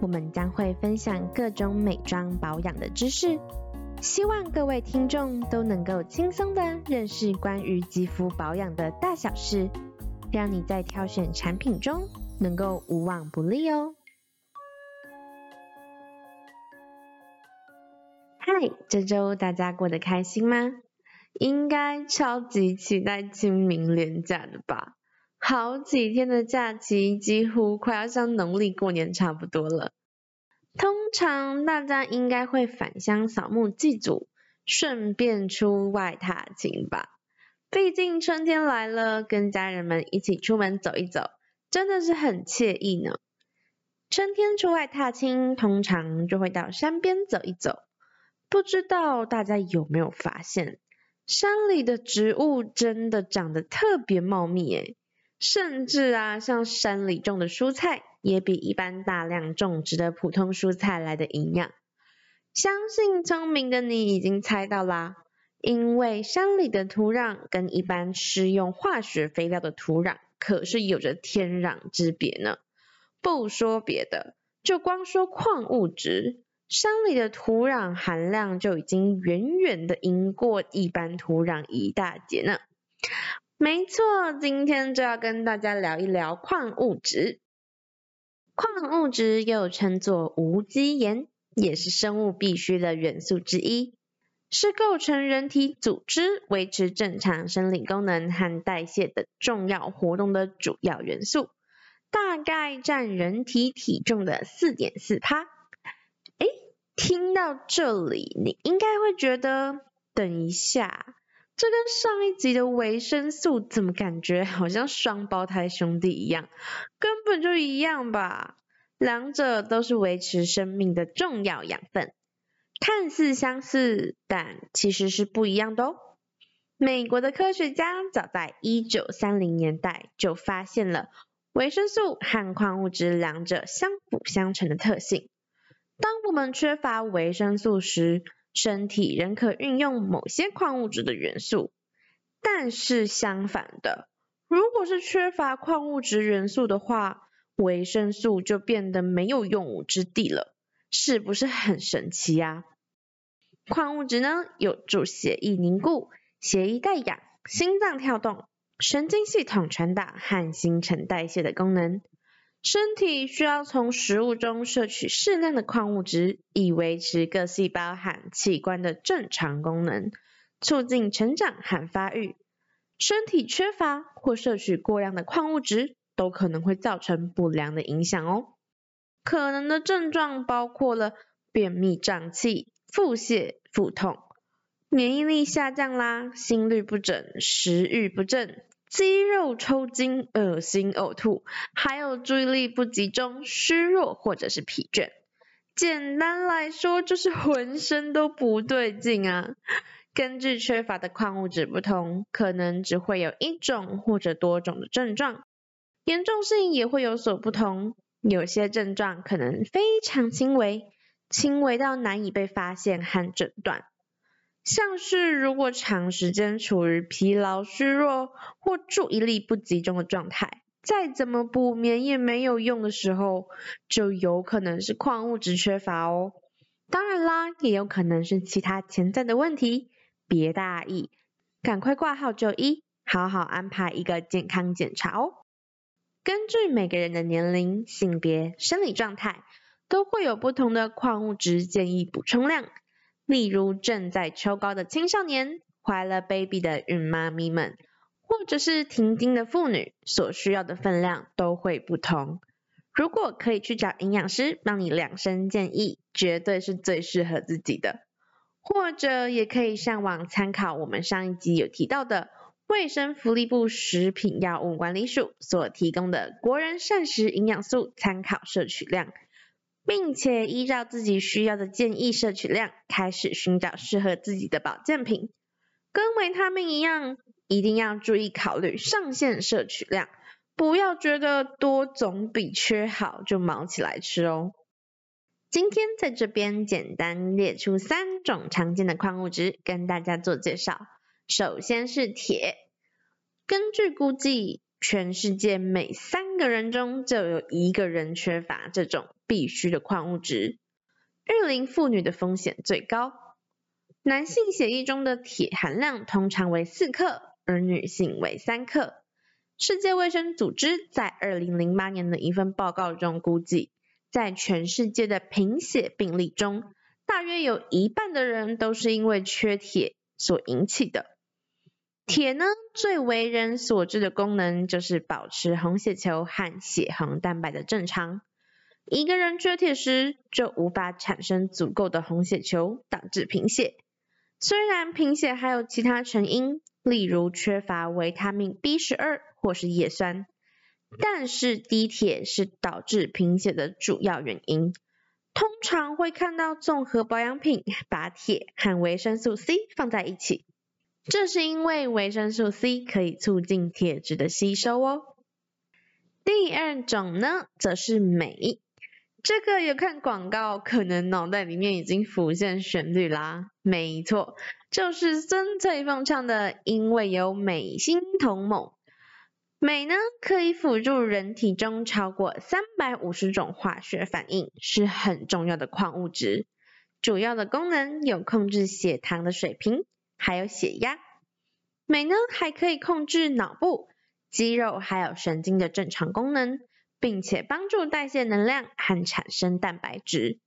我們將會分享各種美妝保養的知識，希望各位聽眾都能夠輕鬆的認識關於肌膚保養的大小事，讓你在挑選產品中能夠無往不利哦。嗨，這週大家過得開心嗎？應該超級期待清明連假的吧？好幾天的假期，幾乎快要像農曆過年差不多了。通常大家應該會返鄉掃墓祭祖，順便出外踏青吧。畢竟春天來了，跟家人們一起出門走一走，真的是很愜意呢！春天出外踏青，通常就會到山邊走一走。不知道大家有沒有發現，山裡的植物真的長得特別茂密，誒甚至啊，像山裡種的蔬菜，也比一般大量種植的普通蔬菜來的營養。相信聰明的你已經猜到啦，因為山裡的土壤跟一般施用化學肥料的土壤可是有着天壤之別呢。不說別的，就光說礦物質，山裡的土壤含量就已經遠遠的贏過一般土壤一大截呢。沒錯，今天就要跟大家聊一聊礦物質。礦物質又稱作無機鹽，也是生物必需的元素之一，是構成人體組織，織、維持正常生理功能和代謝的重要活動的主要元素，大概佔人體體重的4.4趴。誒，聽到這裡，你應該會覺得，等一下。這跟上一集的維生素，怎麼感覺好像雙胞胎兄弟一樣？根本就一樣吧？兩者都是維持生命的重要養分，看似相似，但其實是不一樣的哦。美國的科學家早在1930年代就發現了維生素和礦物質兩者相輔相成的特性。當我們缺乏維生素時，身體仍可運用某些礦物質的元素，但是相反的，如果是缺乏礦物質元素的話，維生素就變得沒有用武之地了，是不是很神奇啊？礦物質呢，有助血液凝固、血液帶氧、心臟跳動、神經系統傳達和新陳代謝的功能。身體需要從食物中攝取適量的礦物質，以維持各細胞和器官的正常功能，促進成長和發育。身體缺乏或攝取過量的礦物質，都可能會造成不良的影響哦。可能的症狀包括了便秘、脹氣、腹瀉、腹痛、免疫力下降啦、心律不整、食欲不振。肌肉抽筋、噁心、嘔吐，還有注意力不集中、虛弱或者是疲倦。簡單來說，就是渾身都不對勁啊。根據缺乏的礦物質不同，可能只會有一種或者多種的症狀。嚴重性也會有所不同，有些症狀可能非常輕微，輕微到難以被發現和診斷。像是如果長時間處於疲勞、虛弱或注意力不集中的狀態，再怎麼補眠也沒有用的時候，就有可能是礦物質缺乏哦。當然啦，也有可能是其他潛在的問題，別大意，趕快掛號就醫，好好安排一個健康檢查哦。根據每個人的年齡、性別、生理狀態，都會有不同的礦物質建議補充量。例如正在長高的青少年、懷了 baby 的孕媽咪們，或者是停經的婦女，所需要的分量都會不同。如果可以去找營養師幫你量身建議，絕對是最適合自己的。或者也可以上網參考我們上一集有提到的衛生福利部食品藥物管理署所提供的國人膳食營養素參考攝取量。並且依照自己需要的建議攝取量，開始尋找適合自己的保健品。跟維他命一樣，一定要注意考慮上限攝取量，不要覺得多總比缺好，就忙起來吃哦。今天在這邊簡單列出三種常見的礦物質，跟大家做介紹。首先是鐵，根據估計，全世界每三個人中就有一個人缺乏這種必需的礦物質，育齡婦女的風險最高。男性血液中的鐵含量通常為四克，而女性為三克。世界衛生組織在2008年的一份報告中估計，在全世界的貧血病例中，大約有一半的人都是因為缺鐵所引起的。鐵呢，最為人所知的功能就是保持紅血球和血紅蛋白的正常。一個人缺鐵時，就無法產生足夠的紅血球，導致貧血。雖然貧血還有其他成因，例如缺乏維他命 B12 或是葉酸，但是低鐵是導致貧血的主要原因。通常會看到綜合保養品把鐵和維生素 C 放在一起。這是因為維生素 C 可以促進鐵質的吸收哦。第二種呢，則是鎂，這個有看廣告，可能腦袋裡面已經浮現旋律啦、啊。沒錯，就是孫翠鳳唱的《因為有鎂鋅銅錳》。鎂呢，可以輔助人體中超過三百五十種化學反應，是很重要的礦物質。主要的功能有控制血糖的水平。還有血壓，鎂呢，還可以控制腦部、肌肉還有神經的正常功能，並且幫助代謝能量和產生蛋白質。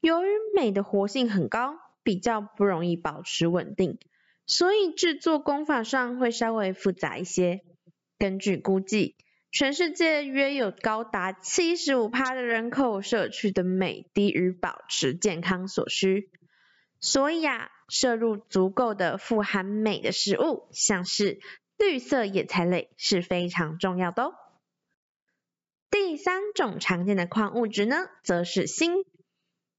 由於鎂的活性很高，比較不容易保持穩定，所以制作工法上會稍微複雜一些。根據估計，全世界約有高達七十五趴的人口攝取的鎂，低於保持健康所需，所以呀、啊。攝入足夠的富含鎂的食物，像是綠色野菜類是非常重要的哦。第三種常見的礦物質呢，則是鋅。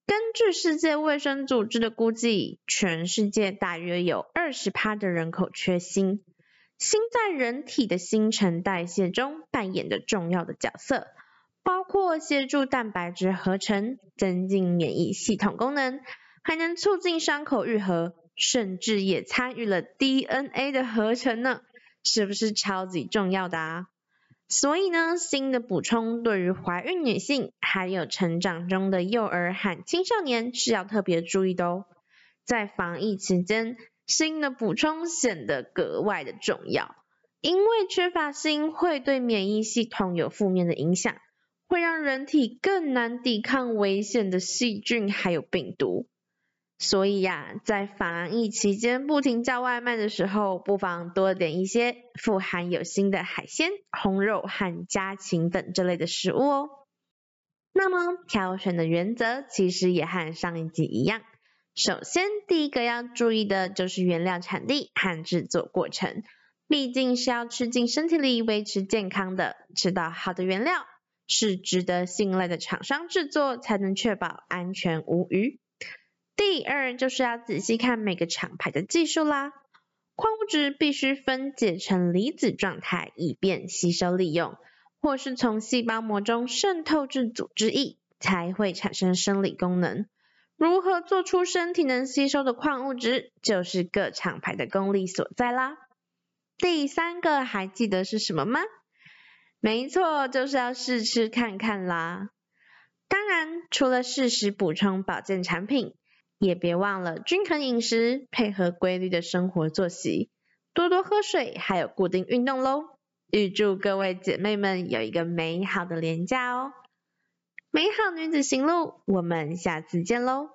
根據世界衛生組織的估計，全世界大約有20%的人口缺鋅。鋅在人體的新陳代謝中扮演着重要的角色，包括協助蛋白質合成、增進免疫系統功能。還能促進傷口愈合，甚至也參與了 DNA 的合成呢，是不是超級重要的啊？所以呢，鋅的補充對於懷孕女性，還有成長中的幼兒和青少年是要特別注意的哦。在防疫期間，鋅的補充顯得格外的重要，因為缺乏鋅會對免疫系統有負面的影響，會讓人體更難抵抗危險的細菌還有病毒。所以呀、啊，在防疫期間不停叫外賣的時候，不妨多點一些富含有鋅的海鮮、紅肉和家禽等這類的食物哦。那麼挑選的原則其實也和上一集一樣，首先第一個要注意的就是原料產地和製作過程，畢竟是要吃進身體裡維持健康的，吃到好的原料，是值得信賴的廠商製作，才能確保安全無虞。第二就是要仔細看每個廠牌的技術啦，礦物質必須分解成離子狀態，以便吸收利用，或是從細胞膜中滲透至組織液，才會產生生理功能。如何做出身體能吸收的礦物質，就是各廠牌的功力所在啦。第三個還記得是什麼嗎？沒錯，就是要試吃看看啦。當然，除了適時補充保健產品。也別忘了均衡飲食，配合規律的生活作息，多多喝水，還有固定運動嘍。預祝各位姐妹們有一個美好的連假哦！美好女子行路，我們下次見嘍！